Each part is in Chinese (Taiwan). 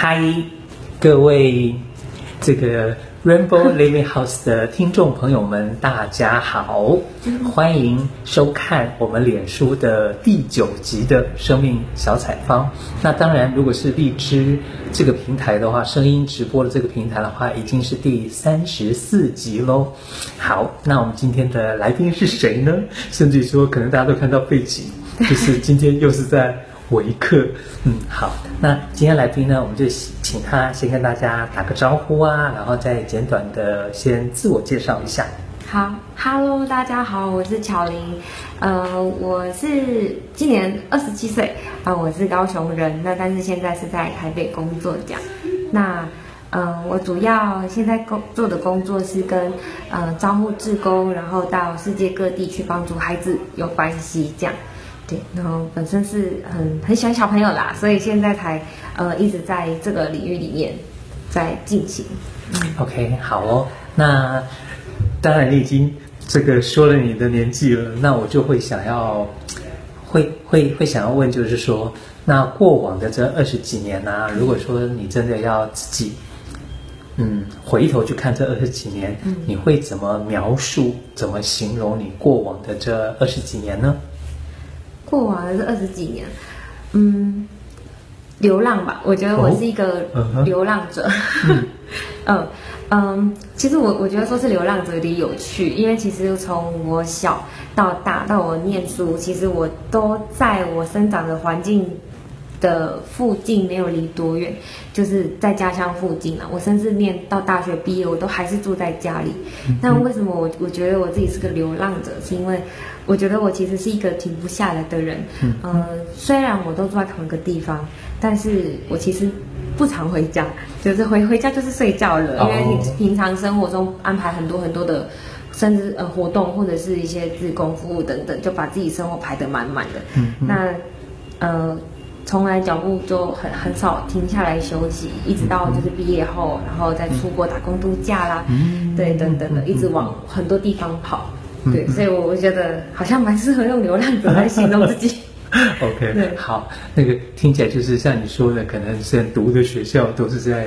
嗨，各位這個 Rainbow Living House 的聽眾朋友們，okay. 大家好，歡迎收看我們臉書的第九集的《生命小採訪》。那當然，如果是荔枝這個平台的話，聲音直播的這個平台的話，已經是第三十四集嘍。好，那我們今天的來賓是誰呢？甚至說，可能大家都看到背景， 就是今天又是在。微客，嗯，好，那今天來賓呢，我們就請他先跟大家打個招呼啊，然後再簡短的先自我介紹一下。好，Hello，大家好，我是巧玲，呃，我是今年二十七歲啊，呃，我是高雄人，那但是現在是在台北工作，這樣。那，呃，我主要現在工作的工作是跟呃招募志工，然後到世界各地去幫助孩子有關係，這樣。對，然後本身是很很喜歡小朋友啦，啊，所以現在才呃一直在這個領域裡面在進行。嗯，OK，好哦。那當然你已經這個說了你的年紀了，那我就會想要會會會想要問，就是說，那過往的這二十幾年啊，嗯、如果說你真的要自己嗯回頭去看這二十幾年，嗯，你會怎麼描述，怎麼形容你過往的這二十幾年呢？過往完了是二十幾年，嗯，流浪吧，我覺得我是一個流浪者。oh, uh -huh. 嗯，嗯嗯，其實我我覺得說是流浪者有點有趣，因為其實從我小到大到我念書，其實我都在我生長的環境。的附近沒有離多遠，就是在家鄉附近啊。我甚至念到大學畢業，我都還是住在家裡。那、嗯、為什麼我我覺得我自己是個流浪者？是因為我覺得我其實是一個停不下來的人。嗯、呃。雖然我都住在同一個地方，但是我其實不常回家，就是回回家就是睡覺了。哦、因為你平常生活中安排很多很多的，甚至呃活動或者是一些志工服務等等，就把自己生活排得滿滿的。嗯嗯。那呃。從來腳步就很很少停下來休息，一直到就是畢業後，嗯、然後再出國打工度假啦，嗯、對，等等的，一直往很多地方跑。嗯、對、嗯，所以我覺得好像蠻適合用流浪者來形容自己。 OK，對，好，那個聽起來就是像你說的，可能雖然讀的學校都是在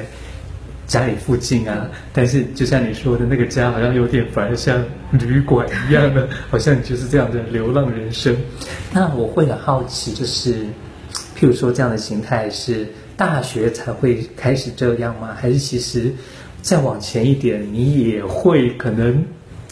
家裡附近啊，但是就像你說的那個家，好像有點反而像旅館一樣的， 好像就是這樣的流浪人生。那我會很好奇，就是。比如說，這樣的形態是大學才會開始這樣嗎？還是其實再往前一點，你也會可能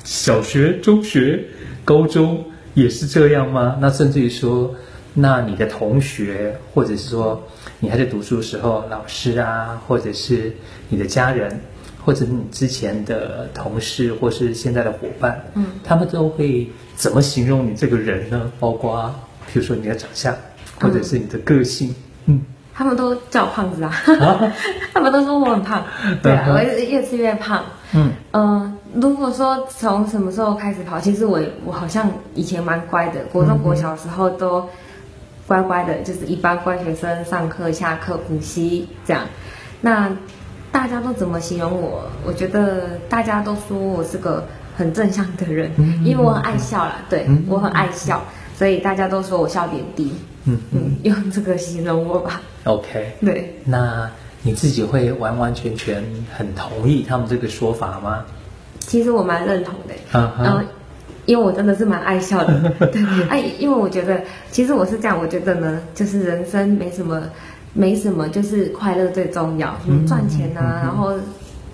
小學、中學、高中也是這樣嗎？那甚至於說，那你的同學，或者是說你還在讀書的時候，老師啊，或者是你的家人，或者你之前的同事，或是現在的夥伴，嗯，他們都會怎麼形容你這個人呢？包括比如說你的長相。或者是你的個性，嗯，嗯，他們都叫我胖子啊，啊， 他們都說我很胖對、啊 對啊我，對我越吃越胖，嗯、呃，嗯，如果說從什麼時候開始跑，其實我我好像以前蠻乖的，國中國小時候都乖乖的，就是一般乖學生，上課下課補習這樣。那大家都怎麼形容我？我覺得大家都說我是個很正向的人，因為我很愛笑啦，對，嗯嗯嗯嗯我很愛笑。所以大家都說我笑點低，嗯嗯、嗯，用這個形容我吧。OK，對，那你自己會完完全全很同意他們這個說法嗎？其實我蠻認同的、欸，嗯、uh -huh.，然後因為我真的是蠻愛笑的， 對，哎、啊，因為我覺得其實我是這樣，我覺得呢，就是人生沒什麼，沒什麼，就是快樂最重要，什麼賺錢啊，嗯嗯嗯嗯然後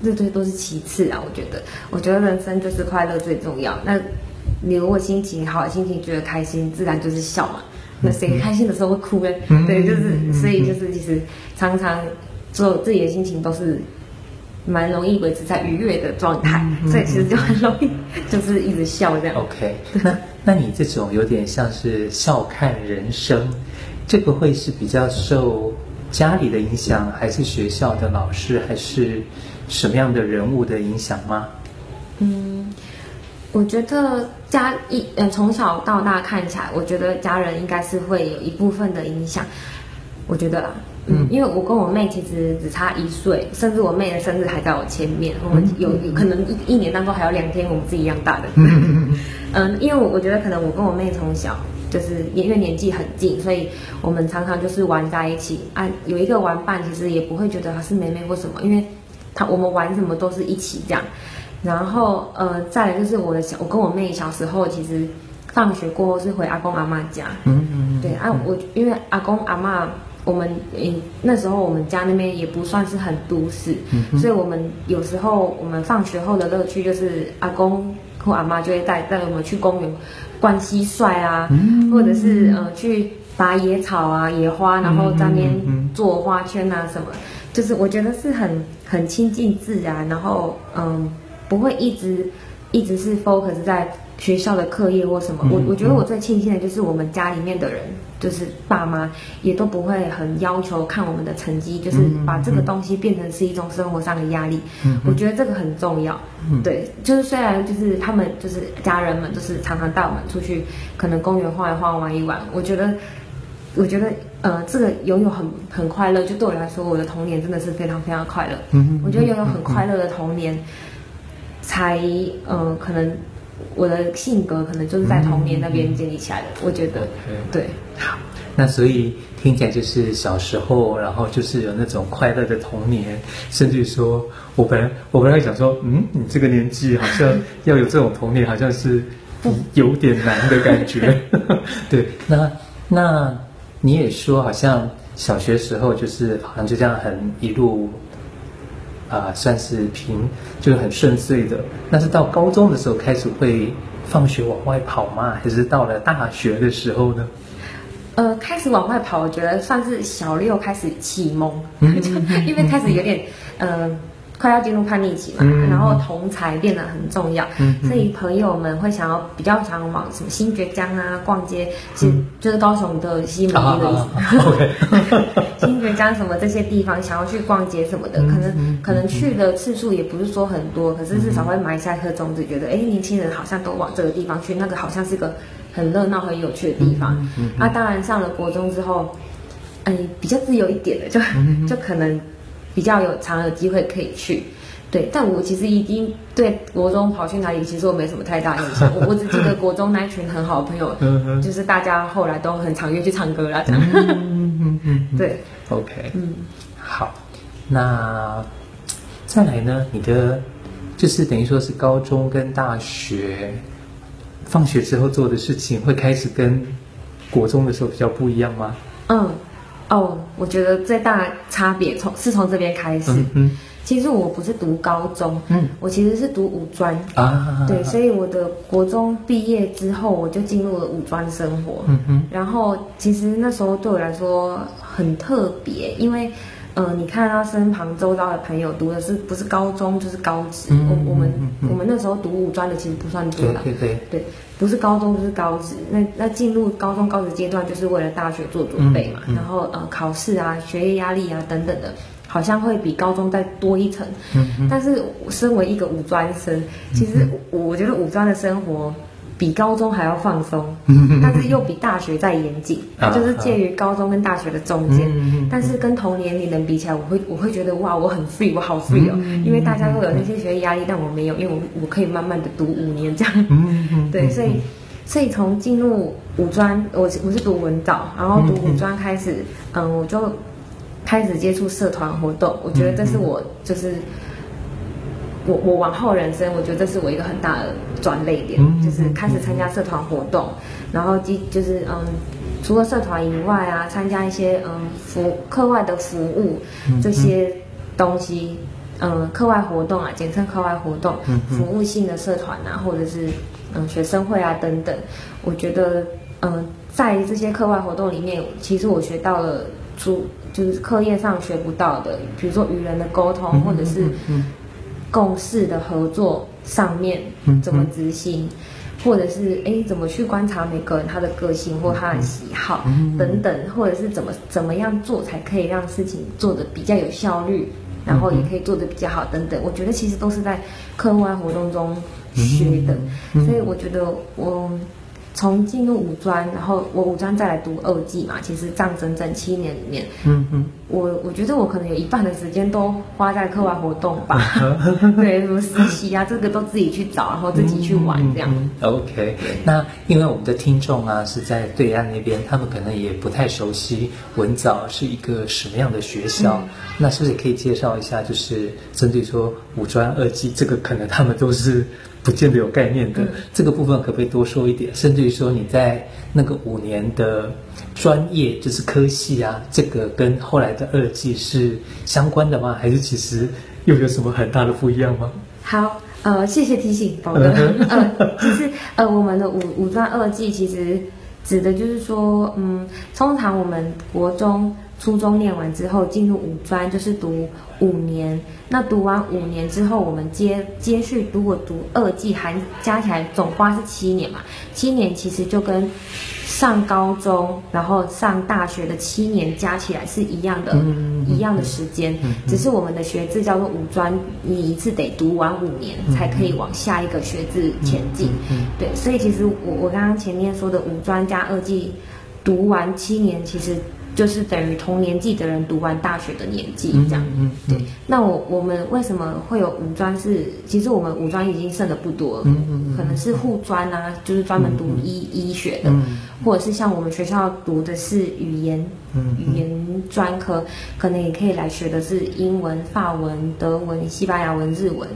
這些都是其次啊，我覺得，我覺得人生就是快樂最重要。那。如果心情好，心情覺得開心，自然就是笑嘛。那誰開心的時候會哭呢？嗯、對，就是所以就是其實常常做自己的心情都是蠻容易維持在愉悅的狀態，嗯、所以其實就很容易就是一直笑這樣。OK，那那你這種有點像是笑看人生，這個會是比較受家裡的影響，還是學校的老師，還是什麼樣的人物的影響嗎？嗯。我覺得家一呃從小到大看起來，我覺得家人應該是會有一部分的影響。我覺得啊，嗯，因為我跟我妹其實只差一歲，甚至我妹的生日還在我前面，我們有有可能一一年當中還有兩天我們是一樣大的。 嗯，因為我覺得可能我跟我妹從小就是因為年紀很近，所以我們常常就是玩在一起。啊，有一個玩伴其實也不會覺得她是妹妹或什麼，因為她我們玩什麼都是一起這樣。然後，呃，再來就是我的小，我跟我妹小時候，其實放學過後是回阿公阿媽家。嗯嗯對啊，我因為阿公阿媽，我們那時候我們家那邊也不算是很都市，嗯，所以我們有時候我們放學後的樂趣就是阿公或阿媽就會帶帶我們去公園，啊，灌蟋蟀啊，或者是呃去拔野草啊、野花，然後在那邊做花圈啊什麼，嗯嗯嗯、就是我覺得是很很親近自然，然後嗯。不會一直一直是 focus 在學校的課業或什麼。我我覺得我最慶幸的就是我們家裡面的人，就是爸媽也都不會很要求看我們的成績，就是把這個東西變成是一種生活上的壓力。我覺得這個很重要。對，就是雖然就是他們就是家人們就是常常帶我們出去，可能公園晃一晃，玩一玩。我覺得我覺得呃，這個擁有很很快樂。就對我來說，我的童年真的是非常非常快樂。嗯，我覺得擁有很快樂的童年。才呃，可能我的性格可能就是在童年那邊建立起來的，嗯、我覺得、Okay. 對。好，那所以聽起來就是小時候，然後就是有那種快樂的童年，甚至於說，我本來我本來想說，嗯，你這個年紀好像要有這種童年，好像是有點難的感覺。 對，那那你也說好像小學時候就是好像就這樣很一路。啊、呃，算是平，就是很順遂的。那是到高中的時候開始會放學往外跑嗎？還是到了大學的時候呢？呃，開始往外跑，我覺得算是小六開始啟蒙， 因為開始有點， 呃。快要進入叛逆期嘛、嗯，然後同儕變得很重要，嗯、所以朋友們會想要比較常往什麼新堀江啊逛街新、嗯，就是高雄的西門的，啊 啊、okay 新堀江什麼這些地方想要去逛街什麼的。嗯、可能可能去的次數也不是說很多，嗯、可是至少會埋下一顆種子，覺得哎、嗯欸、年輕人好像都往這個地方去，那個好像是個很熱鬧很有趣的地方。那、嗯啊、當然上了國中之後，哎、欸、比較自由一點了，就、嗯、就可能。比較有常有機會可以去，對。但我其實已經對國中跑去哪裡，其實我沒什麼太大印象。 我只記得國中那一群很好的朋友， 就是大家後來都很常約去唱歌啦，這樣。 對。OK。嗯，好。那再來呢？你的就是等於說是高中跟大學放學之後做的事情，會開始跟國中的時候比較不一樣嗎？嗯。哦、oh,，我覺得最大的差別從是從這邊開始嗯。嗯，其實我不是讀高中，嗯，我其實是讀五專啊，對，所以我的國中畢業之後，我就進入了五專生活。嗯，嗯，然後其實那時候對我來說很特別，因為，嗯、呃，你看他身旁周遭的朋友讀的是不是高中，就是高職，嗯嗯嗯嗯、我我們我們那時候讀五專的其實不算多啦，對對對。對對不是高中就是高職，那那進入高中高職階段就是為了大學做準備嘛，嗯嗯、然後呃考試啊、學業壓力啊等等的，好像會比高中再多一層、嗯嗯。但是身為一個五專生，其實我覺得五專的生活。比高中還要放鬆，但是又比大學再嚴謹， 就是介於高中跟大學的中間。 但是跟同年齡人比起來，我會我會覺得哇，我很 free，我好 free 哦。 因為大家都有那些學業壓力，但我沒有，因為我我可以慢慢的讀五年這樣。 對，所以所以從進入五專，我是我是讀文藻，然後讀五專開始， 嗯，我就開始接觸社團活動。我覺得這是我就是。我我往後人生，我覺得這是我一個很大的轉捩點，就是開始參加社團活動，然後即就是嗯，除了社團以外啊，參加一些嗯服課外的服務、嗯、這些東西，嗯課外活動啊，簡稱課外活動、嗯，服務性的社團啊，或者是嗯學生會啊等等，我覺得嗯在這些課外活動裡面，其實我學到了出就是課業上學不到的，比如說與人的溝通，或者是。嗯共事的合作上面怎麼執行，嗯、或者是誒，怎麼去觀察每個人他的個性或他的喜好、嗯、等等，或者是怎麼怎麼樣做才可以讓事情做得比較有效率，嗯、然後也可以做得比較好等等，我覺得其實都是在課外活動中學的、嗯嗯，所以我覺得我從進入五專，然後我五專再來讀二技嘛，其實這樣整整七年裡面，嗯嗯。我我覺得我可能有一半的時間都花在課外活動吧， 對，什麼實習啊， 這個都自己去找，然後自己去玩這樣。嗯嗯嗯嗯、OK，那因為我們的聽眾啊是在對岸那邊，他們可能也不太熟悉文藻是一個什麼樣的學校，嗯、那是不是可以介紹一下？就是針對說五專二技這個，可能他們都是不見得有概念的，嗯、這個部分可不可以多說一點？甚至於說你在那個五年的專業就是科系啊，這個跟後來的。的二技是相關的嗎？還是其實又有什麼很大的不一樣嗎？好，呃，謝謝提醒，寶哥。 呃，其實呃，我們的五五專二技，其實指的就是說，嗯，通常我們國中。初中念完之後，進入五專就是讀五年。那讀完五年之後，我們接接續如果讀二技，還加起來總花是七年嘛？七年其實就跟上高中，然後上大學的七年加起來是一樣的，嗯、一樣的時間、嗯嗯嗯。只是我們的學制叫做五專，你一次得讀完五年才可以往下一個學制前進。嗯嗯嗯嗯嗯、對，所以其實我我剛剛前面說的五專加二技，讀完七年其實。就是等於同年紀的人讀完大學的年紀這樣，嗯對。那我我們為什麼會有五專是？是其實我們五專已經剩得不多了，可能是護專啊，就是專門讀醫醫學的，或者是像我們學校讀的是語言語言專科，可能也可以來學的是英文、法文、德文、西班牙文、日文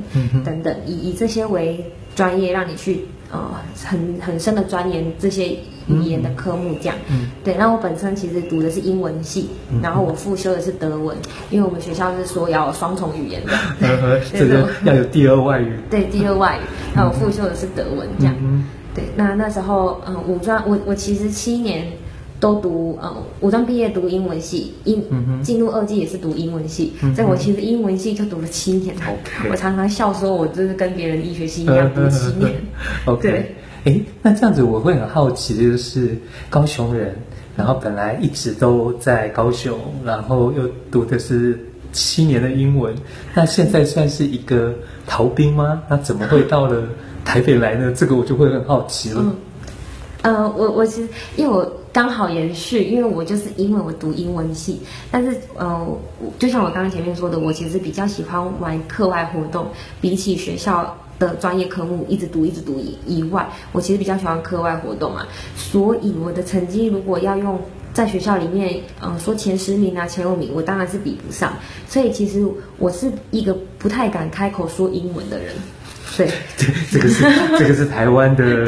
等等，以以這些為專業，讓你去呃很很深的鑽研這些。語言的科目這樣，嗯，對。那我本身其實讀的是英文系，嗯、然後我副修的是德文，嗯，因為我們學校是說要有雙重語言的，嗯、對、嗯、要有第二外語。對，第二外語，那、嗯、我副修的是德文這樣、嗯。對，那那時候，嗯，五專，我我其實七年都讀，嗯，五專畢業讀英文系，英進、嗯、入二技也是讀英文系、嗯，所以我其實英文系就讀了七年。嗯嗯、後我常常笑說，我就是跟別人的醫學系一樣讀七年，嗯嗯嗯嗯嗯、對。Okay. 哎，那這樣子我會很好奇，就是高雄人，然後本來一直都在高雄，然後又讀的是七年的英文，那現在算是一個逃兵嗎？那怎麼會到了台北來呢？這個我就會很好奇了。嗯，呃，我我其實因為我剛好延續，因為我就是因為我讀英文系，但是呃，就像我剛剛前面說的，我其實比較喜歡玩課外活動，比起學校的專業科目一直讀一直讀以以外，我其實比較喜歡課外活動啊，所以我的成績如果要用在學校裡面，嗯、呃，說前十名啊，前五名，我當然是比不上。所以其實我是一個不太敢開口說英文的人。對，對這個是這個是台灣的，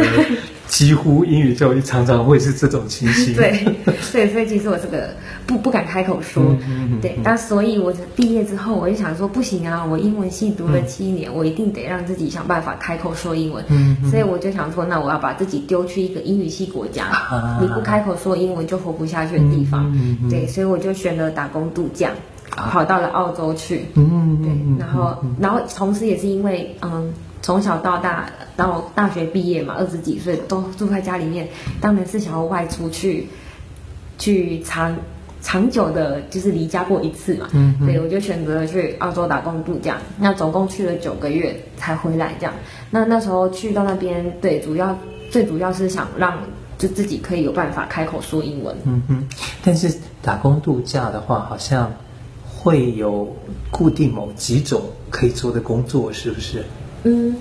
幾乎英語教育常常會是這種情形 對。對，所以所以其實我這個不不敢開口說，嗯、哼哼哼對。但所以，我畢業之後我就想說，不行啊，我英文系讀了七年，嗯，我一定得讓自己想辦法開口說英文。嗯、哼哼所以我就想說，那我要把自己丟去一個英語系國家，啊，你不開口說英文就活不下去的地方。嗯、哼哼對，所以我就選擇打工度假，啊，跑到了澳洲去。嗯哼哼，對。然後然後同時，也是因為嗯。從小到大，到大學畢業嘛，二十幾歲都住在家裡面。當然是想要外出去，去長長久的，就是離家過一次嘛。嗯嗯。對，我就選擇了去澳洲打工度假。那總共去了九個月才回來，這樣。那那時候去到那邊，對，主要最主要是想讓就自己可以有辦法開口說英文。嗯哼。但是打工度假的話，好像會有固定某幾種可以做的工作，是不是？嗯，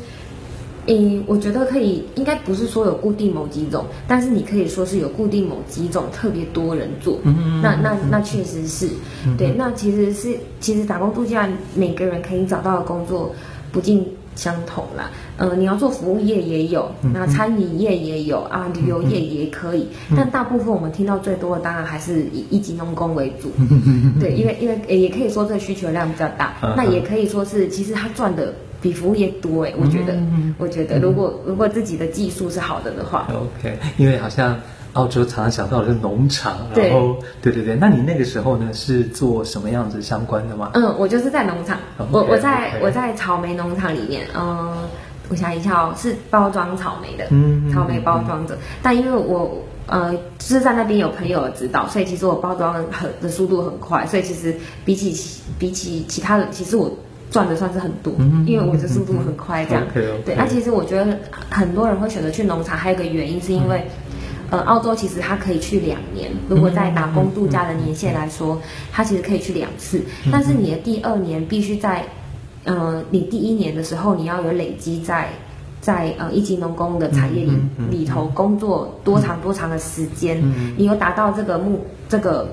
嗯、欸、我覺得可以，應該不是說有固定某幾種，但是你可以說是有固定某幾種特別多人做。嗯，那那那確實是、嗯，對，那其實是其實打工度假每個人可以找到的工作不盡相同啦。嗯、呃，你要做服務業也有，那、嗯、餐飲業也有啊，旅遊業也可以、嗯，但大部分我們聽到最多的當然還是以一級農工為主、嗯。對，因為因為、欸、也可以說這需求量比較大，嗯、那也可以說是其實他賺的。比服務業多哎，我覺得、嗯，我覺得如果、嗯、如果自己的技術是好的的話，OK，因為好像澳洲常常想到的是農場，然後對對對，那你那個時候呢是做什麼樣子相關的嗎？嗯，我就是在農場，okay, okay 我我在我在草莓農場裡面，嗯、呃，我想一下哦，是包裝草莓的，嗯，草莓包裝的、嗯嗯嗯，但因為我呃，是在那邊有朋友的指導，所以其實我包裝很的速度很快，所以其實比起比起其他的，其實我。賺的算是很多，因為我這速度很快，這樣。 okay, okay. 對，那、啊、其實我覺得很多人會選擇去農場，還有一個原因是因為、嗯，呃，澳洲其實它可以去兩年，如果在打工度假的年限來說、嗯，它其實可以去兩次。但是你的第二年必須在，呃，你第一年的時候你要有累積在，在呃一級農工的產業裡、嗯、裡頭工作多長多長的時間，嗯、你有達到這個目這個。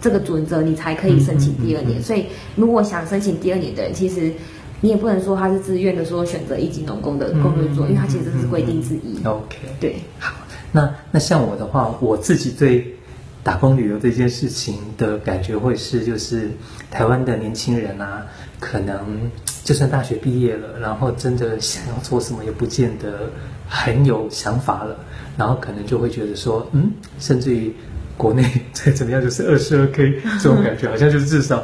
這個準則，你才可以申請第二年。嗯嗯嗯、所以，如果想申請第二年的人，其實你也不能說他是自願的，說選擇一級農工的工作、嗯嗯嗯、因為他其實這是規定之一。OK，、嗯、對，好。那那像我的話，我自己對打工旅遊這件事情的感覺會是，就是台灣的年輕人啊，可能就算大學畢業了，然後真的想要做什麼，也不見得很有想法了，然後可能就會覺得說，嗯，甚至於。國內再怎麼樣，就是二十二 K 這種感覺，好像就是至少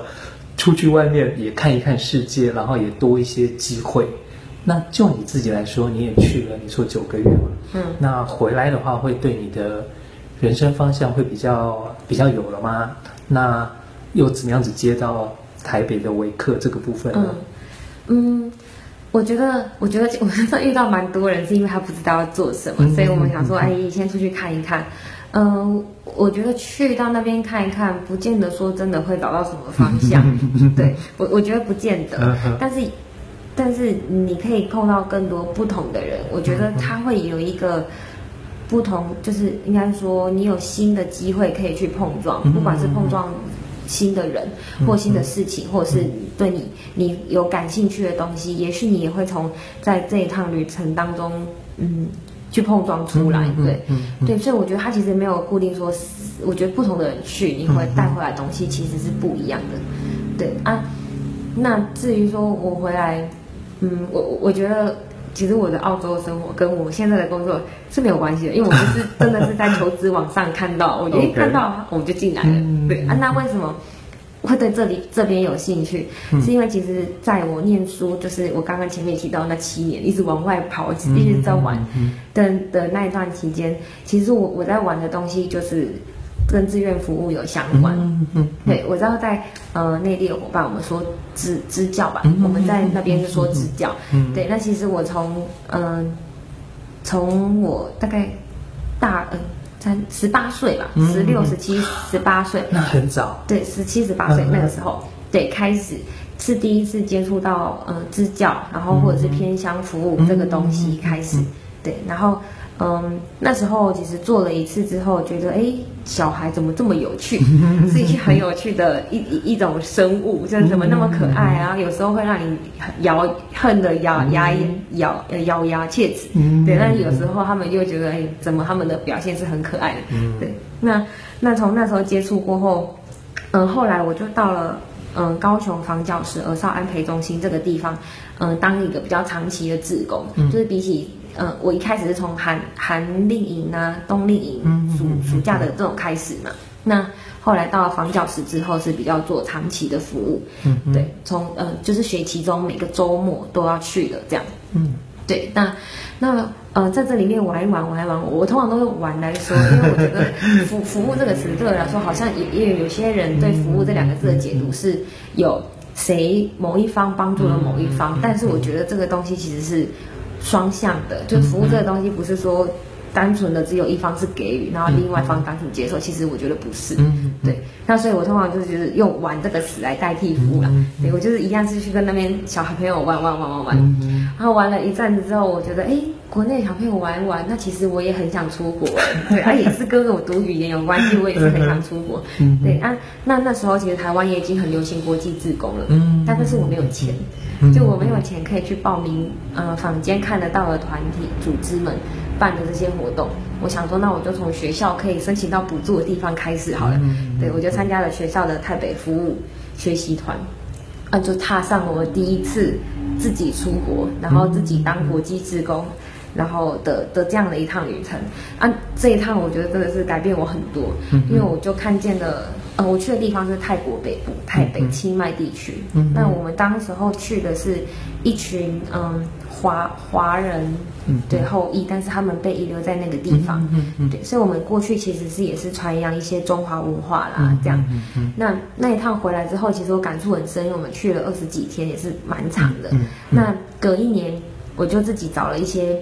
出去外面也看一看世界，然後也多一些機會。那就你自己來說，你也去了，你說九個月嘛，嗯，那回來的話會對你的人生方向會比較比較有了嗎？那又怎麼樣子接到台北的微客這個部分呢、嗯？嗯，我覺得，我覺得我們在遇到蠻多人是因為他不知道要做什麼，嗯、所以我們想說，嗯、哎，你先出去看一看。嗯、呃，我覺得去到那邊看一看，不見得說真的會找到什麼方向。 對，我，我覺得不見得。但是，但是你可以碰到更多不同的人。我覺得他會有一個不同，就是應該說你有新的機會可以去碰撞， 不管是碰撞新的人，或新的事情，或者是對你你有感興趣的東西，也許你也會從在這一趟旅程當中，嗯。去碰撞出來，對、嗯嗯嗯，對，所以我覺得他其實沒有固定說，我覺得不同的人去，你會帶回來的東西其實是不一樣的，對啊。那至於說我回來，嗯，我我覺得其實我的澳洲生活跟我現在的工作是沒有關係的，因為我就是真的是在求職網上看到， 我一看到我就進來了，okay. 對啊，那為什麼？會對這裡這邊有興趣、嗯，是因為其實在我念書，就是我剛剛前面提到那七年一直往外跑，一直在玩的，的、嗯嗯嗯、的那一段期間，其實我我在玩的東西就是跟志願服務有相關。嗯嗯嗯、對，我知道在呃內地的夥伴，我們說支支教吧、嗯嗯嗯嗯，我們在那邊就說支教、嗯嗯嗯。對，那其實我從嗯、呃，從我大概大。呃三十八歲吧，十六、十七、十八歲，那很早。對，十七、十八歲那個時候，對，開始是第一次接觸到嗯支教，然後或者是偏鄉服務嗯嗯這個東西開始，嗯嗯對，然後。嗯，那時候其實做了一次之後，覺得哎、欸，小孩怎麼這麼有趣？ 是一些很有趣的一一一種生物，就是怎麼那麼可愛啊？嗯、有時候會讓你咬恨得咬牙咬咬牙切齒，對、嗯。但有時候他們又覺得哎、欸，怎麼他們的表現是很可愛的？對。嗯、那那從那時候接觸過後，嗯、呃，後來我就到了嗯、呃、高雄防教師兒少安培中心這個地方，嗯、呃，當一個比較長期的志工，嗯、就是比起。嗯、呃，我一開始是從寒寒令營啊、冬令營暑暑假的這種開始嘛。那後來到了放腳石之後是比較做長期的服務。嗯，嗯，對，從呃就是學期中每個週末都要去的這樣。嗯，對。那那呃在這裡面玩一玩玩一玩，我通常都用“玩”來說，因為我覺得服“服服務”這個詞，對我來說好像也也有些人對“服務”這兩個字的解讀是有誰某一方幫助了某一方，但是我覺得這個東西其實是。雙向的，就服務這個東西，不是說。單純的只有一方是給予，然後另外一方單純接受，其實我覺得不是。嗯對，那所以我通常就是用玩這個詞來代替服務了。對我就是一樣是去跟那邊小孩朋友玩玩玩玩玩。嗯、然後玩了一陣子之後，我覺得哎，國內小朋友玩玩，那其實我也很想出國。對。啊也是跟我讀語言有關係，我也是很想出國。嗯對啊，那那時候其實台灣也已經很流行國際志工了。嗯。但但是我沒有錢，就我沒有錢可以去報名，呃，坊間看得到的團體組織們。辦的這些活動，我想說，那我就從學校可以申請到補助的地方開始好了。對，我就參加了學校的泰北服務學習團，啊，就踏上我第一次自己出國，然後自己當國際志工，然後的的這樣的一趟旅程啊，這一趟我覺得真的是改變我很多，因為我就看見了。呃，我去的地方是泰國北部，泰北清邁地區嗯嗯。那我們當時候去的是，一群嗯、呃、華華人嗯嗯對後裔，但是他們被遺留在那個地方，嗯嗯嗯嗯嗯對，所以，我們過去其實是也是傳揚一些中華文化啦，嗯嗯嗯嗯嗯這樣。那那一趟回來之後，其實我感觸很深，因為我們去了二十幾天，也是蠻長的。嗯嗯嗯嗯那隔一年，我就自己找了一些。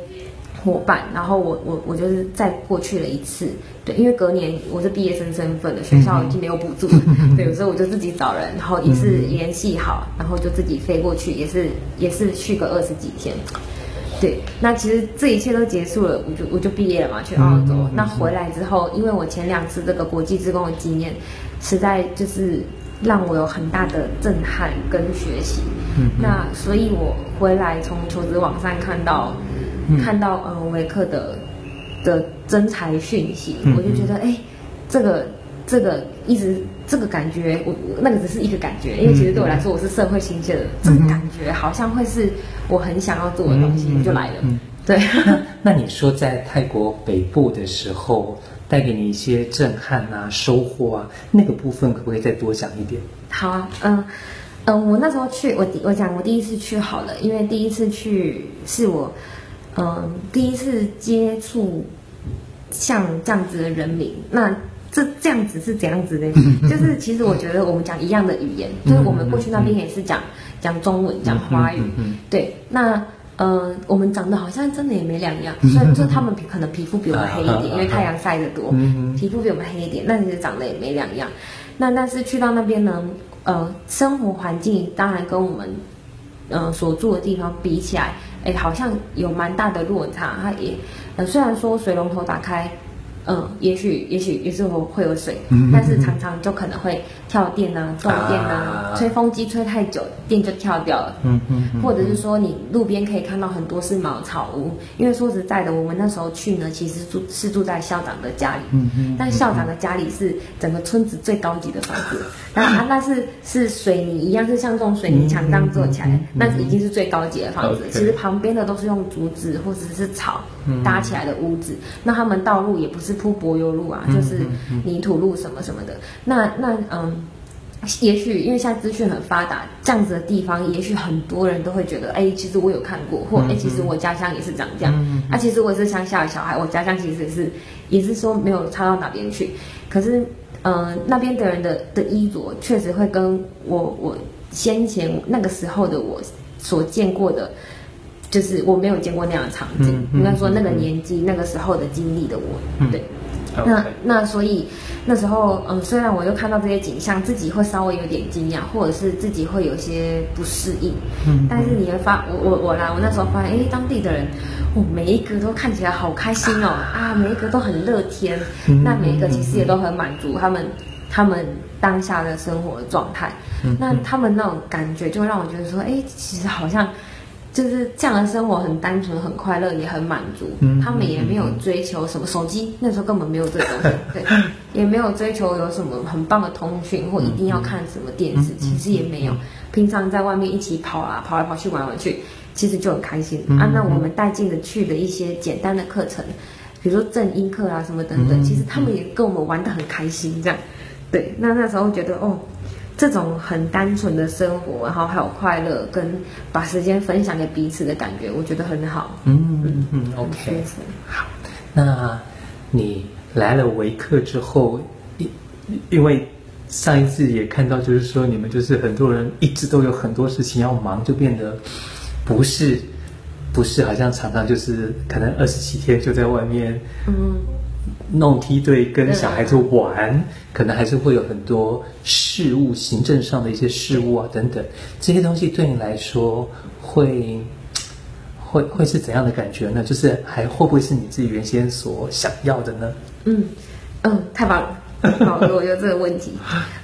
伙伴，然後我我我就是再過去了一次，對，因為隔年我是畢業生身份的，學校已經沒有補助，對，所以我就自己找人，然後一次聯繫好，嗯、然後就自己飛過去，也是也是去個二十幾天，對，那其實這一切都結束了，我就我就畢業了嘛，去澳洲、嗯，那回來之後，因為我前兩次這個國際志工的經驗，實在就是讓我有很大的震撼跟學習，嗯，那所以我回來從求職網上看到。嗯、看到嗯、呃、微客的的徵才訊息、嗯，我就覺得哎、欸，這個這個一直這個感覺，我那個只是一個感覺，因為其實對我來說我是社會新鮮的、嗯，這個感覺好像會是我很想要做的東西，我就來了。嗯嗯嗯嗯、對那。那你說在泰國北部的時候，帶給你一些震撼啊、收穫啊，那個部分可不可以再多講一點？好啊，嗯、呃、嗯、呃，我那時候去，我我講我第一次去好了，因為第一次去是我。嗯、呃，第一次接觸像這樣子的人民，那這這樣子是怎樣子的？ 就是其實我覺得我們講一樣的語言， 就是我們過去那邊也是講講 中文、講華語， 對。那呃，我們長得好像真的也沒兩樣，雖然說他們可能皮膚比我們黑一點， 因為太陽晒得多，皮膚比我們黑一點，那你就長得也沒兩樣。那但是去到那邊呢，呃，生活環境當然跟我們呃所住的地方比起來。哎、欸，好像有蠻大的落差。它也，呃，雖然說水龍頭打開，嗯，也許，也許，有時候會有水，但是常常就可能會。跳電啊，斷電啊，uh... 吹風機吹太久，電就跳掉了。嗯嗯。 或者是說，你路邊可以看到很多是茅草屋，因為說實在的，我們那時候去呢，其實住是住在校長的家裡。嗯嗯。 但校長的家裡是整個村子最高級的房子，那啊， 那是是水泥一樣，是像這種水泥牆這樣做起來， 那已經是最高級的房子。Okay. 其實旁邊的都是用竹子或者是草搭起來的屋子。 那他們道路也不是鋪柏油路啊，就是泥土路什麼什麼的。 那那嗯。也許因為現在資訊很發達，這樣子的地方，也許很多人都會覺得，哎、欸，其實我有看過，或哎、欸，其實我家鄉也是長這樣。那、嗯嗯嗯嗯啊、其實我也是鄉下的小孩，我家鄉其實也是也是說沒有差到哪邊去。可是，嗯、呃，那邊的人的的衣着確實會跟我我先前那個時候的我所見過的，就是我沒有見過那樣的場景。嗯嗯嗯、應該說那個年紀、嗯、那個時候的經歷的我，嗯、對。那那所以那時候，嗯，雖然我又看到這些景象，自己會稍微有點驚訝，或者是自己會有些不適應，嗯，但是你會發我我我來，我那時候發現，哎、欸，當地的人，哦，每一個都看起來好開心哦，啊，每一個都很樂天，那每一個其實也都很滿足他們他們當下的生活狀態，那他們那種感覺就讓我覺得說，哎、欸，其實好像。就是這樣的生活很單純很快樂也很滿足，他們也沒有追求什麼手機，嗯嗯嗯、那時候根本沒有這個東西， 對，也沒有追求有什麼很棒的通訊或一定要看什麼電視、嗯嗯嗯嗯，其實也沒有。平常在外面一起跑啊，跑來跑去玩玩去，其實就很開心、嗯、啊、嗯。那我們帶進的去的一些簡單的課程，比如說正音課啊什麼等等，嗯嗯、其實他們也跟我們玩得很開心，這樣。對，那那時候覺得哦。這種很單純的生活，然後還有快樂，跟把時間分享給彼此的感覺，我覺得很好。嗯嗯嗯,嗯，OK，好，那你來了微客之後，因為上一次也看到，就是說你們就是很多人一直都有很多事情要忙，就變得不是不是，好像常常就是可能二十幾天就在外面、嗯，弄梯隊跟小孩子玩，嗯、可能還是會有很多。事物行政上的一些事務啊，等等，這些東西對你來說會會會是怎樣的感覺呢？就是還會不會是你自己原先所想要的呢？嗯嗯，太棒了，好了，我 有這個問題。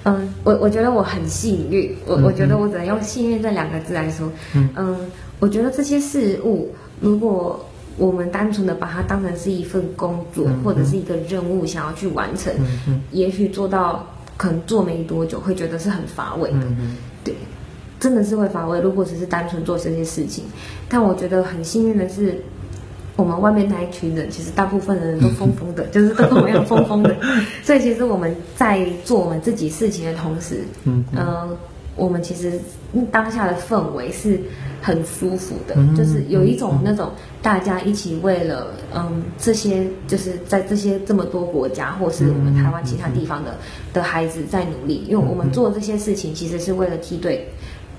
嗯，我我覺得我很幸運，我、嗯、我覺得我只能用幸運這兩個字來說嗯。嗯，我覺得這些事物，如果我們單純的把它當成是一份工作、嗯、或者是一個任務想要去完成，嗯、也許做到。可能做沒多久會覺得是很乏味的、嗯，對，真的是會乏味。如果只是單純做這些事情，但我覺得很幸運的是，我們外面那一群人其實大部分人都瘋瘋的，嗯、就是都跟我們一樣瘋瘋的。 所以其實我們在做我們自己事情的同時，嗯。呃我們其實當下的氛圍是很舒服的，就是有一種那種大家一起為了嗯這些就是在這些這麼多國家或是我們台灣其他地方的的孩子在努力，因為我們做這些事情其實是為了梯隊，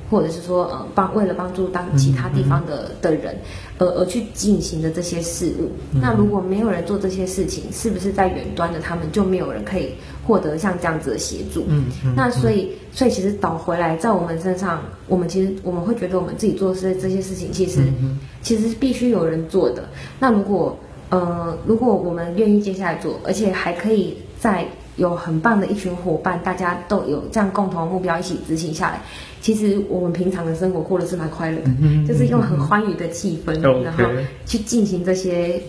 或者是說呃幫、嗯、為了幫助當其他地方的的人而而去進行的這些事務。那如果沒有人做這些事情，是不是在遠端的他們就沒有人可以？獲得像這樣子的協助、嗯嗯，那所以所以其實倒回來在我們身上，我們其實我們會覺得我們自己做的這些事情其實、嗯嗯，其實其實必須有人做的。那如果呃如果我們願意接下來做，而且還可以再有很棒的一群夥伴，大家都有這樣共同的目標一起執行下來，其實我們平常的生活過得是蠻快樂的、嗯嗯嗯，就是用很歡愉的氣氛、嗯，然後去進行這些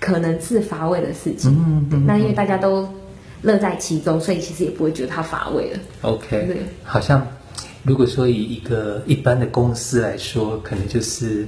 可能是乏味的事情。嗯嗯嗯、那因為大家都。樂在其中，所以其實也不會覺得它乏味了。OK，好像如果說以一個一般的公司來說，可能就是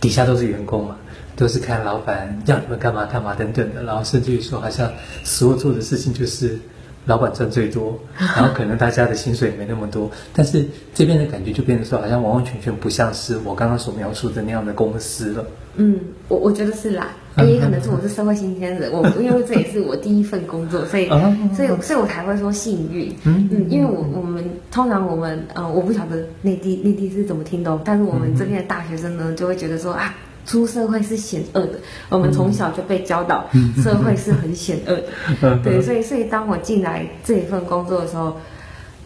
底下都是員工嘛，都是看老闆要你們幹嘛幹嘛等等的，然後甚至於說好像所有做的事情就是老闆賺最多，然後可能大家的薪水也沒那麼多， 但是這邊的感覺就變成說好像完完全全不像是我剛剛所描述的那樣的公司了。嗯，我我覺得是啦。也可能是我是社會新鮮人，我因為這也是我第一份工作，所以所以所以我才會說幸運。嗯，因為我我們通常我們呃我不曉得內地內地是怎麼聽懂，但是我們這邊的大學生呢就會覺得說啊出社會是險惡的，我們從小就被教導社會是很險惡的，對，所以所以當我進來這一份工作的時候。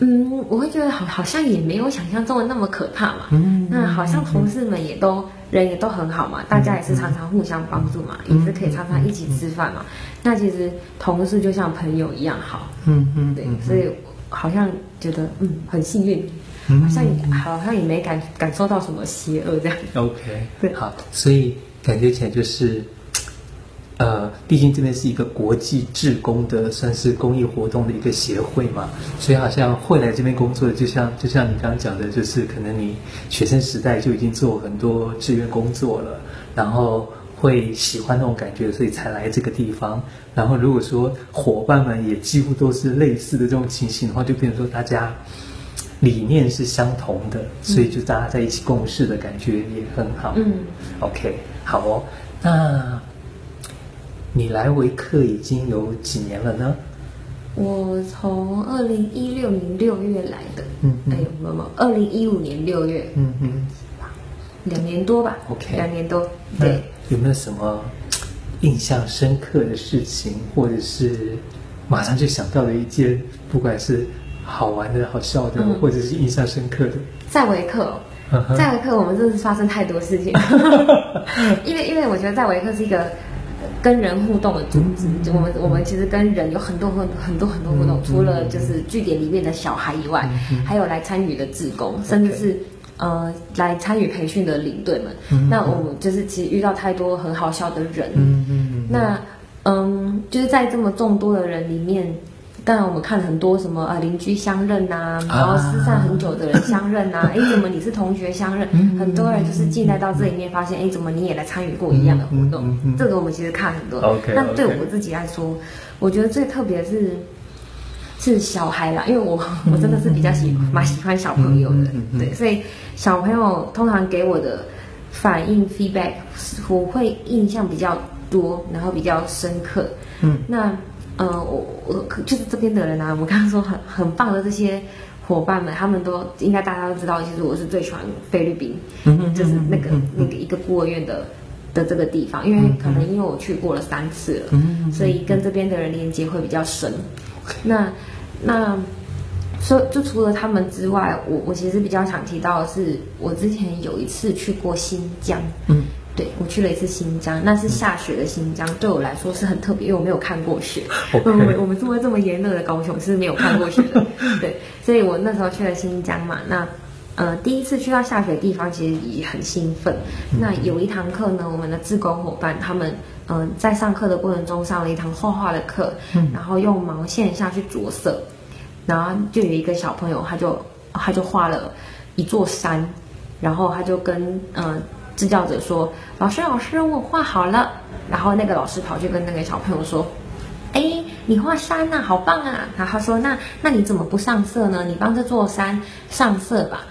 嗯，我會覺得好，好像也沒有想象中的那麼可怕嘛。嗯，那好像同事們也都、嗯、人也都很好嘛、嗯，大家也是常常互相幫助嘛，嗯、也是可以常常一起吃飯嘛、嗯嗯。那其實同事就像朋友一樣好。嗯嗯，對嗯，所以好像覺得嗯很幸運，嗯、好像好像也沒感感受到什麼邪惡這樣。OK，對，好，所以感覺起來就是。畢竟這邊是一個國際志工的，算是公益活動的一個協會嘛，所以好像會來這邊工作的，就像就像你剛剛講的，就是可能你學生時代就已經做很多志願工作了，然後會喜歡那種感覺，所以才來這個地方。然後如果說夥伴們也幾乎都是類似的這種情形的話，就變成說大家理念是相同的，所以就大家在一起共事的感覺也很好。嗯，OK，好哦，那。你來維克已經有幾年了呢？我從二零一六年六月來的，嗯，嗯哎，有沒有？二零一五年六月，嗯哼、嗯、兩年多吧。OK，兩年多，對、嗯。有沒有什麼印象深刻的事情，或者是馬上就想到了一件，不管是好玩的、好笑的，嗯、或者是印象深刻的？在維克，嗯、在維克，我們真的是發生太多事情。 因為，因為我覺得在維克是一個。跟人互動的組織，就我們我們其實跟人有很多很很多很多互動，除了就是據點裡面的小孩以外，還有來參與的志工，Okay. 甚至是呃來參與培訓的領隊們。那我們就是其實遇到太多很好笑的人，那嗯就是在這麼眾多的人裡面。當然，我們看很多什麼啊，鄰居相認吶、啊，啊、然後失散很久的人相認吶、啊，哎， 怎麼你是同學相認？ 很多人就是進來到這裡面，發現哎，怎麼你也來參與過一樣的活動？ 這個我們其實看很多。 那對我自己來說， 我覺得最特別是是小孩啦，因為我我真的是比較喜 蠻喜歡小朋友的，對，所以小朋友通常給我的反應 feedback，我會印象比較多，然後比較深刻。嗯， 那。嗯、呃，我我就是這邊的人啊。我剛剛說很很棒的這些夥伴們，他們都應該大家都知道。其實我是最喜歡菲律賓，就是那個那個一個孤兒院的的這個地方，因為可能因為我去過了三次了，所以跟這邊的人連接會比較深。那那說就除了他們之外，我我其實比較想提到的是，我之前有一次去過新疆。嗯。對，我去了一次新疆，那是下雪的新疆。嗯，對我來說是很特別，因為我沒有看過雪。Okay. 我們我們住在這麼炎熱的高雄，是沒有看過雪的。 對，所以我那時候去了新疆嘛，那呃第一次去到下雪的地方，其實也很興奮。嗯。那有一堂課呢，我們的志工伙伴他們嗯、呃、在上課的過程中上了一堂畫畫的課。嗯，然後用毛線下去着色，然後就有一個小朋友他就他就畫了一座山，然後他就跟嗯。呃支教者說：“老師，老師，我畫好了。”然後那個老師跑去跟那個小朋友說：“哎，你畫山吶、啊，好棒啊！”然後他說：“那那你怎麼不上色呢？你幫這座山上色吧。”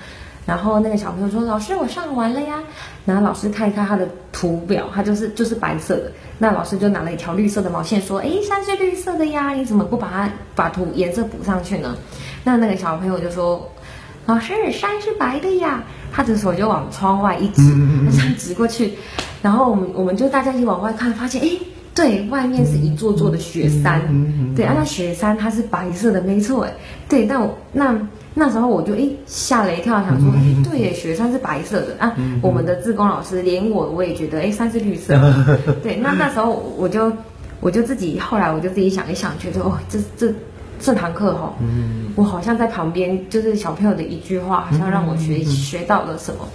然後那個小朋友說：“老師，我上完了呀。”然後老師看一看他的圖表，他就是就是白色的。那老師就拿了一條綠色的毛線說：“哎，山是綠色的呀，你怎麼不把它把圖顏色補上去呢？”那那個小朋友就說。老、哦、師，山是白的呀！他的手就往窗外一指，他這樣指過去，然後我們我們就大家一起往外看，發現哎，對，外面是一座座的雪山，嗯哼嗯哼嗯哼對、啊，那雪山它是白色的，沒錯，哎，對，但我那那時候我就哎嚇了一跳，想說，嗯哼嗯哼誒對，雪山是白色的啊、嗯！我們的志工老師連我我也覺得，哎，山是綠色的，對，那那時候我就我就自己後來我就自己想一想，覺得哦，這這。這堂課哈，我好像在旁邊，就是小朋友的一句話，好像讓我學學到了什麼。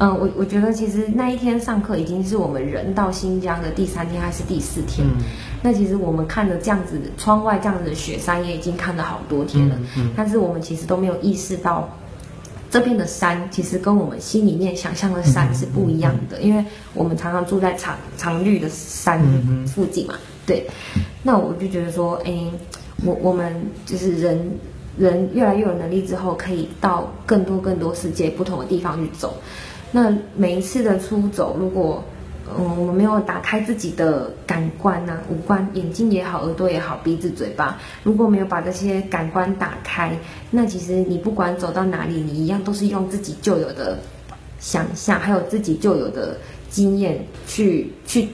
嗯，我我覺得其實那一天上課已經是我們人到新疆的第三天還是第四天。嗯、那其實我們看了這樣子窗外這樣子的雪山也已經看了好多天了，嗯嗯、但是我們其實都沒有意識到，這邊的山其實跟我們心裡面想象的山是不一樣的，因為我們常常住在常常綠的山附近嘛。對，那我就覺得說，哎、欸。我我們就是人，人越來越有能力之後，可以到更多更多世界不同的地方去走。那每一次的出走，如果嗯我沒有打開自己的感官吶、啊，五官、眼睛也好，耳朵也好，鼻子、嘴巴，如果沒有把這些感官打開，那其實你不管走到哪裡，你一樣都是用自己舊有的想象，還有自己舊有的經驗去去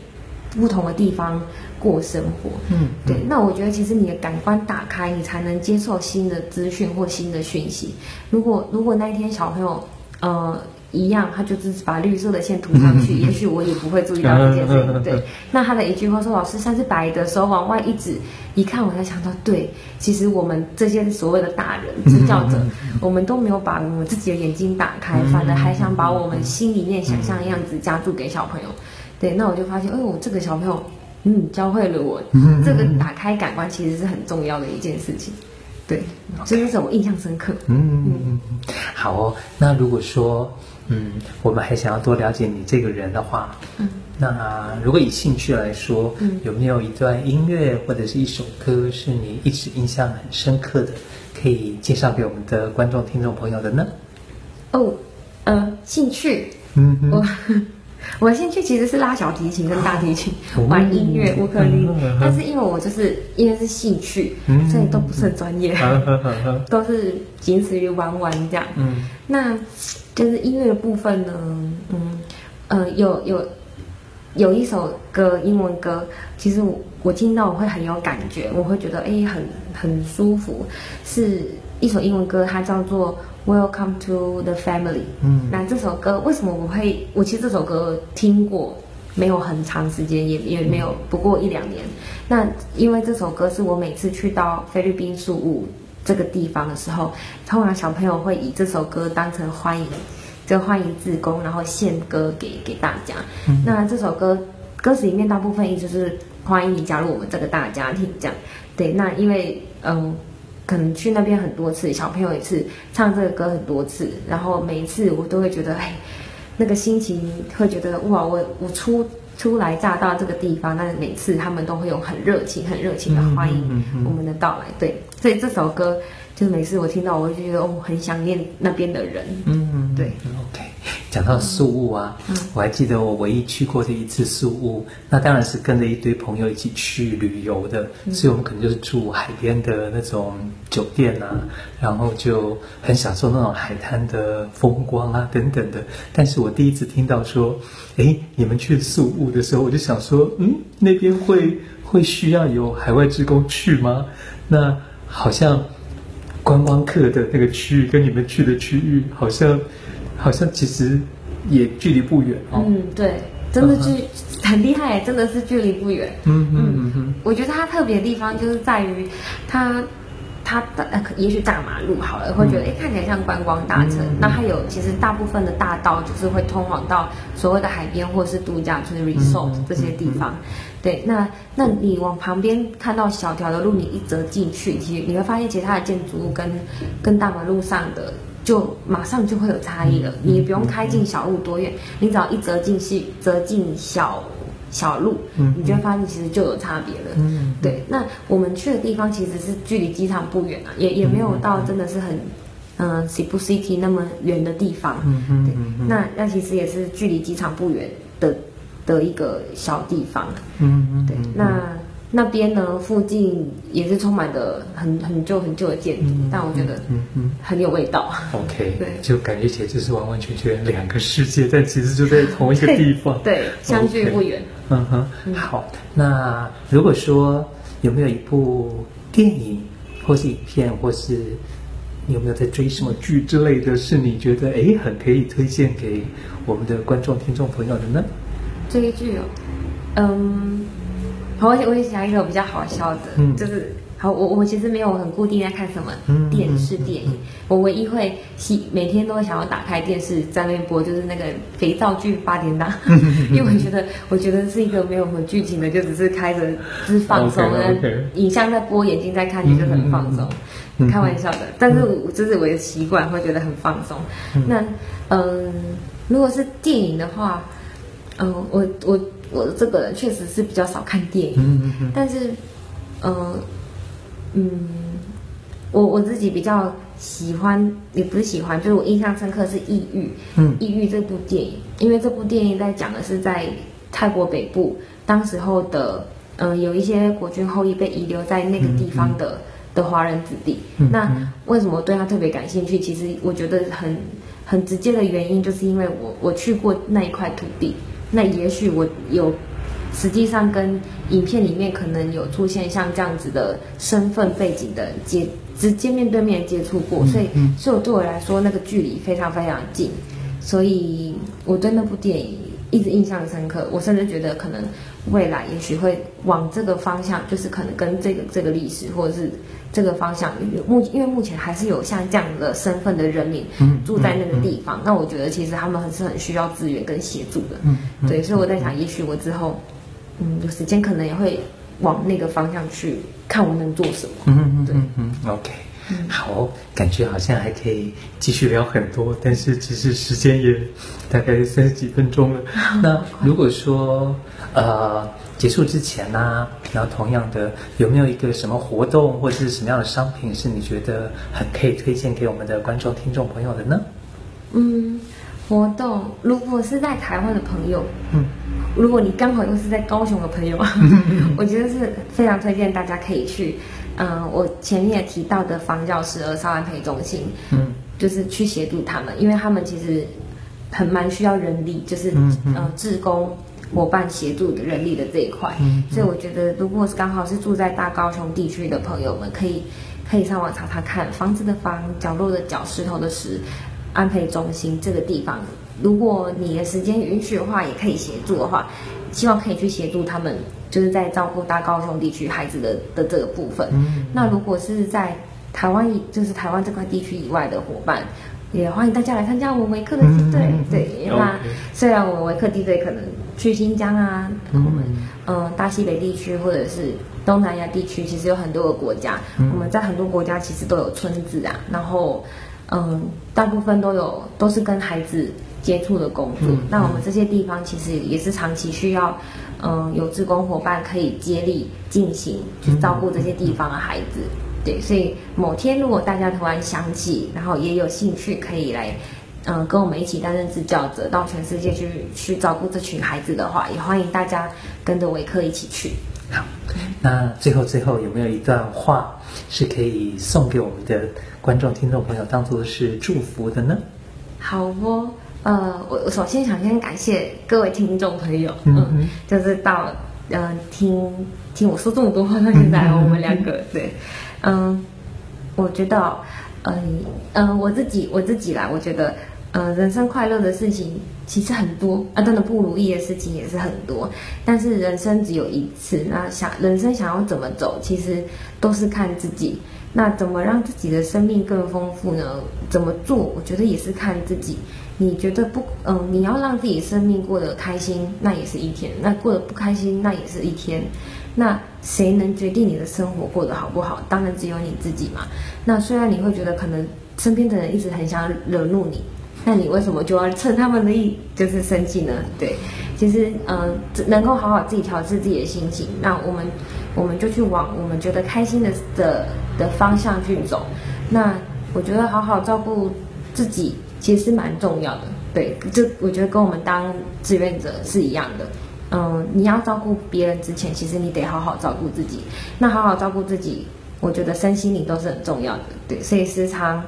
不同的地方。過生活，嗯，對。那我覺得，其實你的感官打開，你才能接受新的資訊或新的訊息。如果如果那一天小朋友，呃，一樣，他就只是把綠色的線塗上去，也 許我也不會注意到這件事情。對。那他的一句話說：“老師，山是白的。”時候手往外一指，一看，我才想到，對，其實我們這些所謂的大人、智教者，我們都沒有把我們自己的眼睛打開，反而還想把我們心裡面想象的樣子加注給小朋友。對。那我就發現，哎呦，我這個小朋友。嗯，教會了我嗯嗯這個打開感官其實是很重要的一件事情，對，okay. 這是我印象深刻。嗯嗯嗯，嗯，好哦。那如果說，嗯，我們還想要多了解你這個人的話，嗯，那如果以興趣來說，嗯，有沒有一段音樂或者是一首歌是你一直印象很深刻的，可以介紹給我們的觀眾、聽眾朋友的呢？哦，呃，興趣，嗯，我呵呵。我的興趣其實是拉小提琴跟大提琴，啊，玩音樂、烏克麗麗，但是因為我就是、嗯、因為是興趣、嗯，所以都不是很專業、嗯嗯嗯嗯，都是僅止於玩玩這樣。嗯，那就是音樂的部分呢，嗯，呃，有有有一首歌，英文歌，其實我我聽到我會很有感覺，我會覺得哎、欸、很很舒服，是一首英文歌，它叫做。Welcome to the family。嗯，那這首歌為什麼我會？我其實這首歌聽過，沒有很長時間，也也沒有不過一兩年、嗯。那因為這首歌是我每次去到菲律賓宿務這個地方的時候，通常小朋友會以這首歌當成歡迎，就歡迎志工，然後獻歌給給大家、嗯。那這首歌歌詞裡面大部分意思就是歡迎你加入我們這個大家庭。這樣，對。那因為，嗯。可能去那邊很多次，小朋友一次唱這個歌很多次，然後每一次我都會覺得，哎，那個心情會覺得哇，我我初初來乍到這個地方，但是每次他們都會有很熱情、很熱情的歡迎我們的到來。嗯嗯嗯嗯、對，所以這首歌就每次我聽到，我就覺得哦，很想念那邊的人。嗯，嗯對。OK。講到宿霧啊、嗯，我還記得我唯一去過的一次宿霧，那當然是跟着一堆朋友一起去旅遊的、嗯，所以我們可能就是住海邊的那種酒店吶、啊嗯，然後就很享受那種海灘的風光啊等等的。但是我第一次聽到說，哎，你們去宿霧的時候，我就想說，嗯，那邊會會需要有海外志工去嗎？那好像觀光客的那個區域跟你們去的區域好像。好像其實也距離不遠哦。嗯，對，真的距、uh-huh. 很厲害，真的是距離不遠。嗯嗯嗯，我覺得它特別的地方就是在於它它大、呃、也許大馬路好了，會覺得哎、嗯欸、看起來像觀光大城。那、嗯、它有其實大部分的大道就是會通往到所謂的海邊或是度假村、就是、resort 這些地方。嗯嗯嗯嗯、對，那那你往旁邊看到小條的路，你一折進去，其實你會發現其他的建築物跟跟大馬路上的。就馬上就會有差異了。你也不用開進小路多遠，你只要一折進細，折進小小路，嗯，你就會發現其實就有差別了。嗯，對。那我們去的地方其實是距離機場不遠啊，也也沒有到真的是很，嗯、呃，西部 city 那麼遠的地方。嗯嗯，對。那那其實也是距離機場不遠的的一個小地方。嗯嗯，對。那。那邊呢，附近也是充滿的很很舊很舊的建築、嗯，但我覺得很有味道。嗯嗯嗯、OK，對，就感覺其實這是完完全全兩個世界，但其實就在同一個地方，對，對相距不遠。Okay, 嗯哼嗯，好。那如果說有沒有一部電影或是影片，或是你有沒有在追什麼劇之類的，是你覺得哎很可以推薦給我們的觀眾聽眾朋友的呢？這個劇有、哦，嗯。我我想一個比較好笑的，就是好，我我其實沒有很固定在看什麼電視電影，我唯一會每天都會想要打開電視在那邊播，就是那個肥皂劇八點檔， 因為我覺得我覺得是一個沒有什麼劇情的，就只是開着，就是放鬆，okay, okay. 影像在播，眼睛，在看，你就很放鬆。 開玩笑的，但是我這、就是我的習慣，會覺得很放鬆。 那嗯、呃，如果是電影的話，嗯、呃，我我。我這個人確實是比較少看電影，但是，嗯，嗯，呃、嗯我我自己比較喜歡也不是喜歡，就是我印象深刻是《異域》。嗯、異域這部電影，因為這部電影在講的是在泰國北部，當時候的嗯、呃、有一些國軍後裔被遺留在那個地方的、嗯嗯、的華人子弟、嗯嗯。那為什麼我對他特別感興趣？其實我覺得很很直接的原因就是因為我我去過那一塊土地。那也許我有，實際上跟影片裡面可能有出現像這樣子的身份背景的接直接面對面接觸過，所以，所以我對我來說那個距離非常非常近，所以我對那部電影一直印象深刻。我甚至覺得可能未來也許會往這個方向，就是可能跟這個這個歷史或者是。這個方向，目因為目前還是有像這樣的身份的人民住在那個地方，那、嗯嗯嗯嗯、我覺得其實他們還是很需要資源跟協助的。嗯，嗯嗯對，所以我在想，也許我之後，嗯，有、就是、時間可能也會往那個方向去看，我能做什麼。嗯嗯對，嗯，嗯，嗯，嗯，嗯，OK，嗯好，感覺好像還可以繼續聊很多，但是其實時間也大概三十幾分鐘了。那如果說，呃。結束之前呢、啊，然後同樣的，有沒有一個什麼活動或者是什麼樣的商品是你覺得很可以推薦給我們的觀眾、聽眾朋友的呢？嗯，活動如果是在台灣的朋友，嗯，如果你剛好又是在高雄的朋友，嗯、我覺得是非常推薦大家可以去，嗯，呃、我前面也提到的房教師和少安培中心，嗯，就是去協助他們，因為他們其實很蠻需要人力，就是嗯，誌、嗯呃、工。夥伴協助人力的這一塊，嗯嗯，所以我覺得，如果是剛好是住在大高雄地區的朋友們，可以可以上網查查看房子的房、角落的角、石頭的石、安培中心這個地方。如果你的時間允許的話，也可以協助的話，希望可以去協助他們，就是在照顧大高雄地區孩子的的這個部分，嗯嗯。那如果是在台灣，就是台灣這塊地區以外的夥伴。也歡迎大家來參加我們微客的梯隊，嗯。對，因為、okay. 雖然我們微客梯隊，可能去新疆啊，我們嗯、呃、大西北地區或者是東南亞地區，其實有很多個國家，嗯，我們在很多國家其實都有村子啊。然後，嗯、呃，大部分都有都是跟孩子接觸的工作，嗯嗯。那我們這些地方其實也是長期需要，嗯、呃，有志工伙伴可以接力進行去照顧這些地方的孩子。嗯嗯對，所以某天如果大家突然想起，然後也有興趣，可以來，嗯，跟我們一起擔任支教者，到全世界去去照顧這群孩子的話，也歡迎大家跟着微客一起去。好，那最後最後有沒有一段話是可以送給我們的觀眾聽眾朋友，當做是祝福的呢？好不、哦、呃，我我首先想先感謝各位聽眾朋友，嗯，嗯就是到嗯、呃、聽聽我說這麼多話到現在，我們兩個、嗯、對。嗯，我覺得，嗯嗯，我自己我自己啦，我覺得，嗯，人生快樂的事情其實很多啊，真的不如意的事情也是很多。但是人生只有一次，那想人生想要怎麼走，其實都是看自己。那怎麼讓自己的生命更豐富呢？怎麼做？我覺得也是看自己。你覺得不？嗯，你要讓自己生命過得開心，那也是一天；那過得不開心，那也是一天。那誰能決定你的生活過得好不好？當然只有你自己嘛。那雖然你會覺得可能身邊的人一直很想惹怒你，那你為什麼就要趁他們的意，就是生氣呢？對，其實嗯、呃，能夠好好自己調適自己的心情，那我們我們就去往我們覺得開心的的的方向去走。那我覺得好好照顧自己其實是蠻重要的。對，這我覺得跟我們當志願者是一樣的。嗯，你要照顧別人之前，其實你得好好照顧自己。那好好照顧自己，我覺得身心靈都是很重要的。對，所以時常，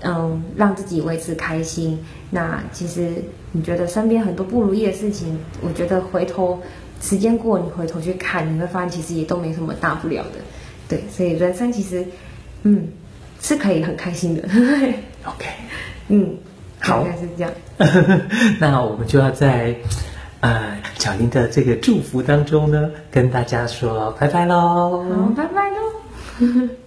嗯，讓自己維持開心。那其實你覺得身邊很多不如意的事情，我覺得回頭時間過，你回頭去看，你會發現其實也都沒什麼大不了的。對，所以人生其實，嗯，是可以很開心的。 OK，嗯，好，應該是這樣。 那我們就要再。啊、呃，小林的這個祝福當中呢，跟大家說拜拜嘍！好，拜拜嘍！